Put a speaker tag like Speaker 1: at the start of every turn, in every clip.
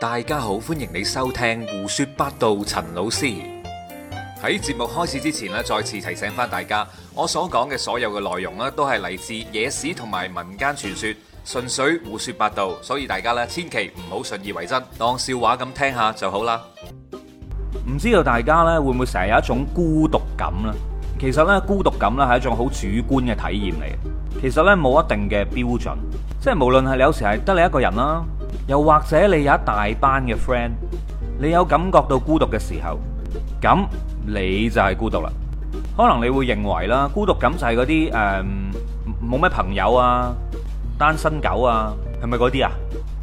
Speaker 1: 大家好，歡迎你收聽胡說八道。陳老師喺節目開始之前咧，再次提醒翻大家，我所講嘅所有嘅內容咧，都係嚟自野史同埋民間傳說，純粹胡說八道，所以大家咧千祈唔好信以為真，當笑話咁聽下就好啦。唔知道大家咧會唔會成日有一種孤獨感咧？其實咧孤獨感咧係一種好主觀嘅體驗嚟，其實咧冇一定嘅標準，即係無論係你有時係得你一個人啦。又或者你有一大班嘅 friend，你有感覺到孤獨嘅時候，咁你就係孤獨啦。可能你會認為啦，孤獨感就係嗰啲誒冇咩朋友啊、單身狗啊，係咪嗰啲啊？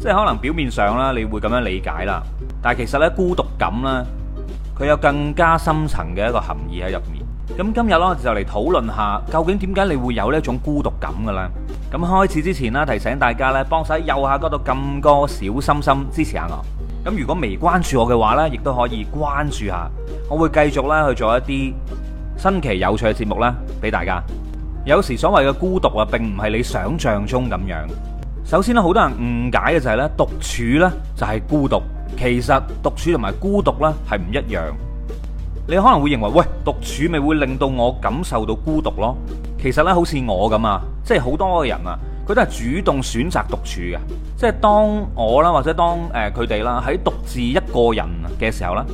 Speaker 1: 即係可能表面上啦，你會咁樣理解啦。但係其實咧，孤獨感咧，佢有更加深層嘅一個含義喺入面。咁今日我就嚟討論下究竟點解你會有呢一種孤獨感噶啦？咁開始之前呢，提醒大家咧，幫晒右下角度撳個小心心支持下我。咁如果未關注我嘅話呢，亦都可以關注下，我會繼續咧去做一啲新奇有趣嘅節目咧，俾大家。有時所謂嘅孤獨啊，並唔係你想象中咁樣。首先咧，好多人誤解嘅就係呢：「獨處」呢就係「孤獨」，其實獨處同埋孤獨呢係唔一樣。你可能會認為，喂，獨處咪會令到我感受到孤獨咯？其實呢，好似我咁啊，即係好多嘅人啊，佢都係主動選擇獨處嘅。即係當我啦，或者當誒佢哋啦，喺、呃、獨自一個人嘅時候呢，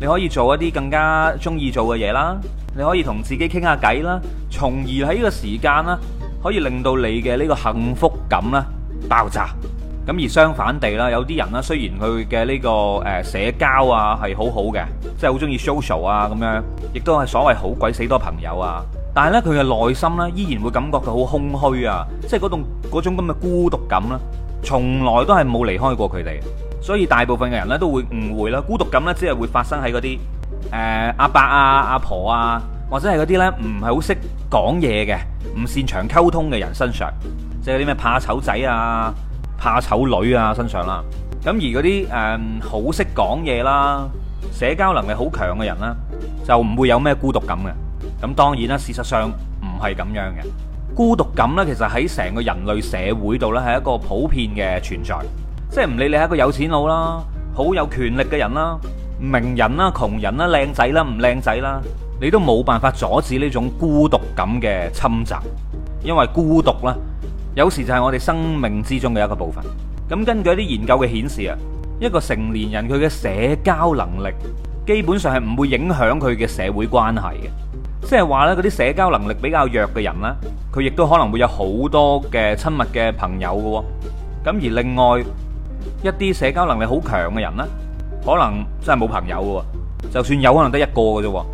Speaker 1: 你可以做一啲更加鍾意做嘅嘢啦，你可以同自己傾下偈啦，從而喺呢個時間啦，可以令到你嘅呢個幸福感啦爆炸。咁而相反地啦，有啲人啦，雖然佢嘅呢個誒、呃、社交啊係好好嘅，即係好中意 social 啊咁樣，亦都係所謂好鬼死多朋友啊，但係咧佢嘅內心咧依然會感覺佢好空虛啊，即係嗰種嗰種咁嘅孤獨感啦，從來都係冇離開過佢哋。所以大部分嘅人咧都會誤會啦，孤獨感咧只係會發生喺嗰啲誒阿伯啊、阿婆啊，或者係嗰啲咧唔係好識講嘢嘅、唔擅長溝通嘅人身上，即係啲咩怕醜仔啊。怕醜女啊，身上啦。咁而嗰啲誒好識講嘢啦，社交能力好強嘅人啦，就唔會有咩孤獨感嘅。咁當然啦，事實上唔係咁樣嘅。孤獨感咧，其實喺成個人類社會度呢，係一個普遍嘅存在。即係唔理你係一個有錢佬啦，好有權力嘅人啦，名人啦，窮人啦，靚仔啦，唔靚仔啦，你都冇辦法阻止呢種孤獨感嘅侵襲，因為孤獨啦。有時就係我哋生命之中嘅一個部分。咁根據一啲研究嘅顯示啊，一個成年人佢嘅社交能力，基本上係唔會影響佢嘅社會關係嘅。即係話呢，嗰啲社交能力比較弱嘅人呢，佢亦都可能會有好多嘅親密嘅朋友嘅。咁而另外一啲社交能力好強嘅人呢，可能真係冇朋友嘅，就算有可能得一個嘅啫。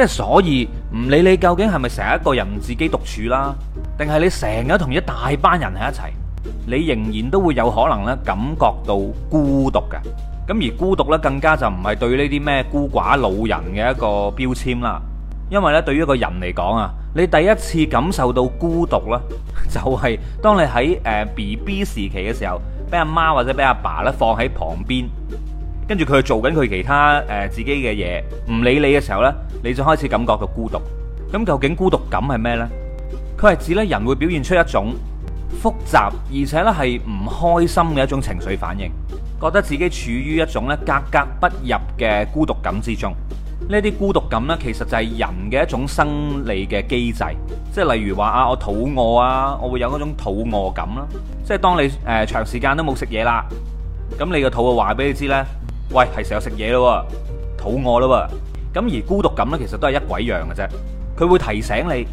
Speaker 1: 即係所以，唔理你究竟係咪成日一個人自己獨處啦，定係你成日同一大班人喺一齊，你仍然都會有可能咧感覺到孤獨嘅。咁而孤獨咧，更加就唔係對呢啲咩孤寡老人嘅一個標籤啦。因為咧，對於一個人嚟講啊，你第一次感受到孤獨啦，就係、是、當你喺誒 B B 時期嘅時候，俾阿媽，媽或者俾阿爸咧放喺旁邊。跟住佢做緊佢其他誒自己嘅嘢，唔理你嘅時候呢，你就開始感覺到孤獨。咁究竟孤獨感係咩呢？佢係指咧，人會表現出一種複雜而且咧係唔開心嘅一種情緒反應，覺得自己處於一種咧格格不入嘅孤獨感之中。呢啲孤獨感呢，其實就係人嘅一種生理嘅機制，即係例如話啊，我肚餓啊，我會有嗰種肚餓感啦。即係當你誒長時間都冇食嘢啦，咁你個肚啊話俾你知呢。喂，係時候食嘢喇喎，肚餓喇喎。咁，而孤獨感呢，其實都係一鬼樣嘅啫。佢會提醒你，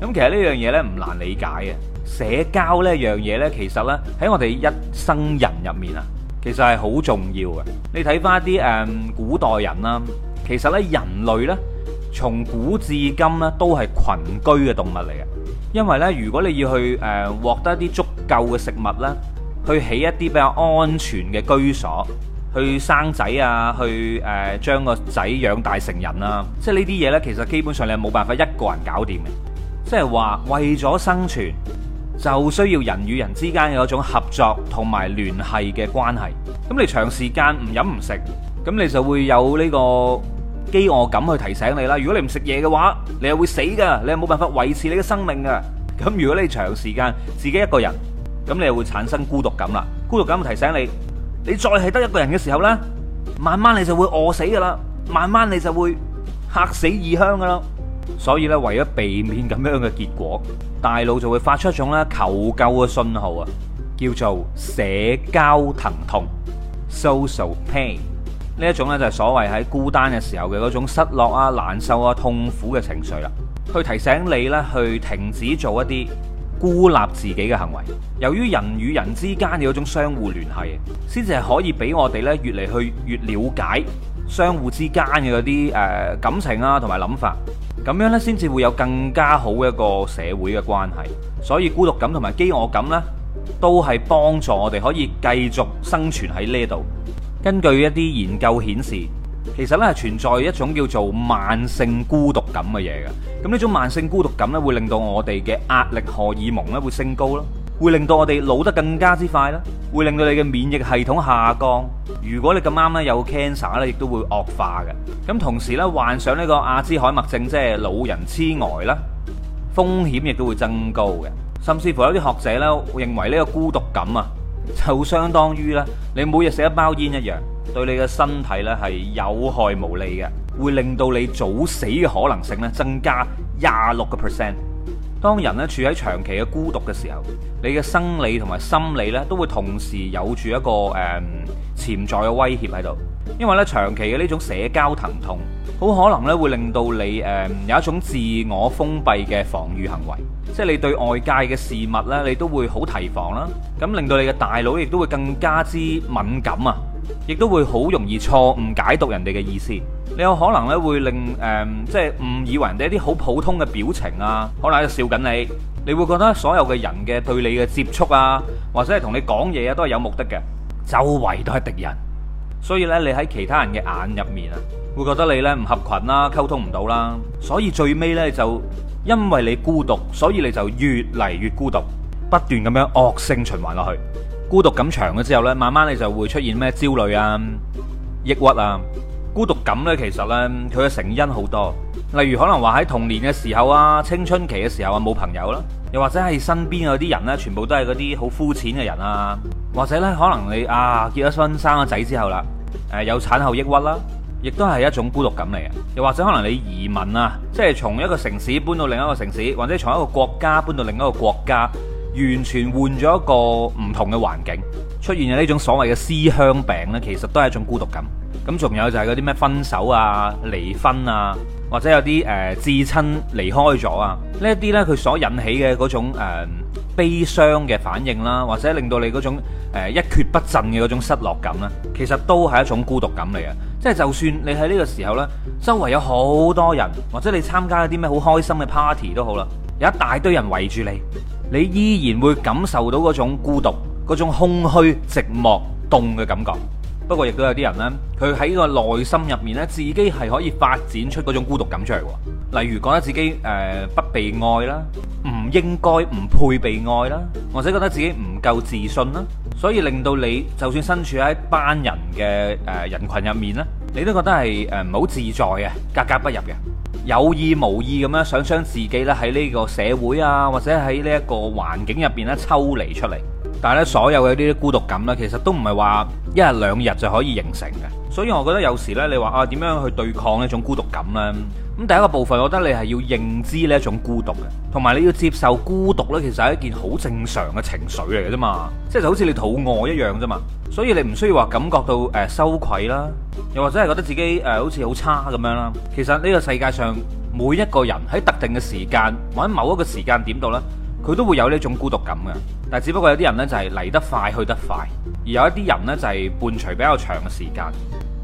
Speaker 1: 咁其實呢樣嘢呢唔難理解嘅，社交呢樣嘢呢，其實呢喺我哋一生人入面啊，其實係好重要嘅。你睇翻一啲誒古代人啦，其實呢人類呢從古至今呢都係群居嘅動物嚟嘅，因為呢如果你要去誒獲得一啲足夠嘅食物呢，去起一啲比較安全嘅居所，去生仔啊，去誒將個仔養大成人啊，即係呢啲嘢呢，其實基本上你係冇辦法一個人搞掂嘅。即係話為咗生存，就需要人與人之間嘅嗰種合作同埋聯繫嘅關係。咁你長時間唔飲唔食，咁你就會有呢個飢餓感去提醒你啦。如果你唔食嘢嘅話，你係會死噶，你係冇辦法維持你嘅生命噶。咁如果你長時間自己一個人，咁你就會產生孤獨感啦。孤獨感會提醒你，你再係得一個人嘅時候呢，慢慢你就會餓死噶啦，慢慢你就會嚇死異鄉噶啦。所以咧，為咗避免咁樣嘅結果，大腦就會發出一種咧求救嘅訊號啊，叫做社交疼痛 （social pain）。呢一種咧就係所謂喺孤單嘅時候嘅嗰種失落啊、難受啊、痛苦嘅情緒啦，去提醒你咧去停止做一啲孤立自己嘅行為。由於人與人之間嘅嗰種相互聯繫，先至係可以俾我哋咧越嚟去越了解相互之間嘅嗰啲誒感情啊同埋諗法。咁樣咧，先至會有更加好一個社會嘅關係。所以孤獨感同埋飢餓感咧，都係幫助我哋可以繼續生存喺呢度。根據一啲研究顯示，其實咧係存在一種叫做慢性孤獨感嘅嘢嘅。咁呢種慢性孤獨感咧，會令到我哋嘅壓力荷爾蒙咧會升高咯。會令到我哋老得更加之快啦，會令到你嘅免疫系統下降。如果你咁啱咧有 cancer 咧，亦都會惡化嘅。咁同時咧，患上呢個阿茲海默症即係老人痴呆啦，風險亦都會增高嘅。甚至乎有啲學者咧認為呢個孤獨感啊，就相當於咧你每日食一包煙一樣，對你嘅身體咧係有害無利嘅，會令到你早死嘅可能性咧增加廿六個 percent。當人咧處喺長期嘅孤獨嘅時候，你嘅生理同埋心理咧都會同時有住一個誒、嗯、潛在嘅威脅喺度，因為咧長期嘅呢種社交疼痛，好可能咧會令到你誒、嗯、有一種自我封閉嘅防禦行為，即係你對外界嘅事物咧你都會好提防啦，咁令到你嘅大腦亦都會更加之敏感啊，亦都會好容易錯誤解讀人哋嘅意思。你有可能咧，會令誒、呃、即係誤以為人哋一啲好普通嘅表情啊，可能喺度笑緊你，你會覺得所有嘅人嘅對你嘅接觸啊，或者係同你講嘢啊，都係有目的嘅。周圍都係敵人，所以咧，你喺其他人嘅眼入面啊，會覺得你呢唔合群啦、啊，溝通唔到啦。所以最尾呢，就因為你孤獨，所以你就越嚟越孤獨，不斷咁樣惡性循環落去。孤獨感長咗之後呢，慢慢你就會出現咩焦慮啊、抑鬱啊。孤獨感呢，其實呢，佢嘅成因好多，例如可能話喺童年嘅時候啊、青春期嘅時候啊，冇朋友啦，又或者係身邊嗰啲人呢，全部都係嗰啲好膚淺嘅人啊，或者呢，可能你啊，結咗婚生咗仔之後啦，誒有產後抑鬱啦，亦都係一種孤獨感嚟嘅，又或者可能你移民啊，即係從一個城市搬到另一個城市，或者從一個國家搬到另一個國家，完全換咗一個唔同嘅環境，出現嘅呢種所謂嘅思鄉病呢，其實都係一種孤獨感。咁仲有就係嗰啲咩分手啊、離婚啊，或者有啲誒至親離開咗啊，呢一啲呢，佢所引起嘅嗰種、呃、悲傷嘅反應啦、啊，或者令到你嗰種、呃、一蹶不振嘅嗰種失落感咧、啊，其實都係一種孤獨感嚟嘅。即係就算你喺呢個時候呢，周圍有好多人，或者你參加一啲咩好開心嘅 party 都好啦，有一大堆人圍住你，你依然會感受到嗰種孤獨、嗰種空虛、寂寞、凍嘅感覺。不過，亦都有啲人咧，佢喺個內心入面咧，自己係可以發展出嗰種孤獨感出嚟喎。例如覺得自己誒不被愛啦，唔應該唔配被愛啦，或者覺得自己唔夠自信啦，所以令到你就算身處喺班人嘅誒人群入面咧，你都覺得係誒唔好自在嘅，格格不入嘅，有意無意咁樣想將自己咧喺呢個社會啊，或者喺呢一個環境入邊咧抽離出嚟。但係咧，所有嘅呢啲孤獨感咧，其實都唔係話一日兩日就可以形成嘅。所以我覺得有時呢，你話啊點樣去對抗呢種孤獨感呢？咁、嗯、第一個部分，我覺得你係要認知呢一種孤獨嘅，同埋你要接受孤獨呢，其實係一件好正常嘅情緒嚟嘅啫嘛。即係就好似你肚餓一樣啫嘛。所以你唔需要話感覺到誒、呃、羞愧啦，又或者係覺得自己誒、呃、好似好差咁樣啦。其實呢個世界上每一個人喺特定嘅時間，或者某一個時間點度呢。佢都會有呢一種孤獨感嘅，但只不過有啲人呢就係嚟得快去得快，而有一啲人呢就係伴隨比較長嘅時間。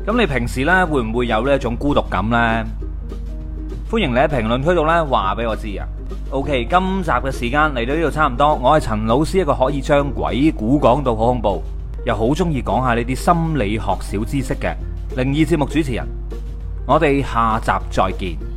Speaker 1: 咁你平時呢會唔會有呢一種孤獨感呢？歡迎你喺評論區度呢話俾我知啊。OK，今集嘅時間嚟到呢度差唔多，我係陳老師一個可以將鬼故講到好恐怖，又好中意講下呢啲心理學小知識嘅靈異節目主持人。我哋下集再見。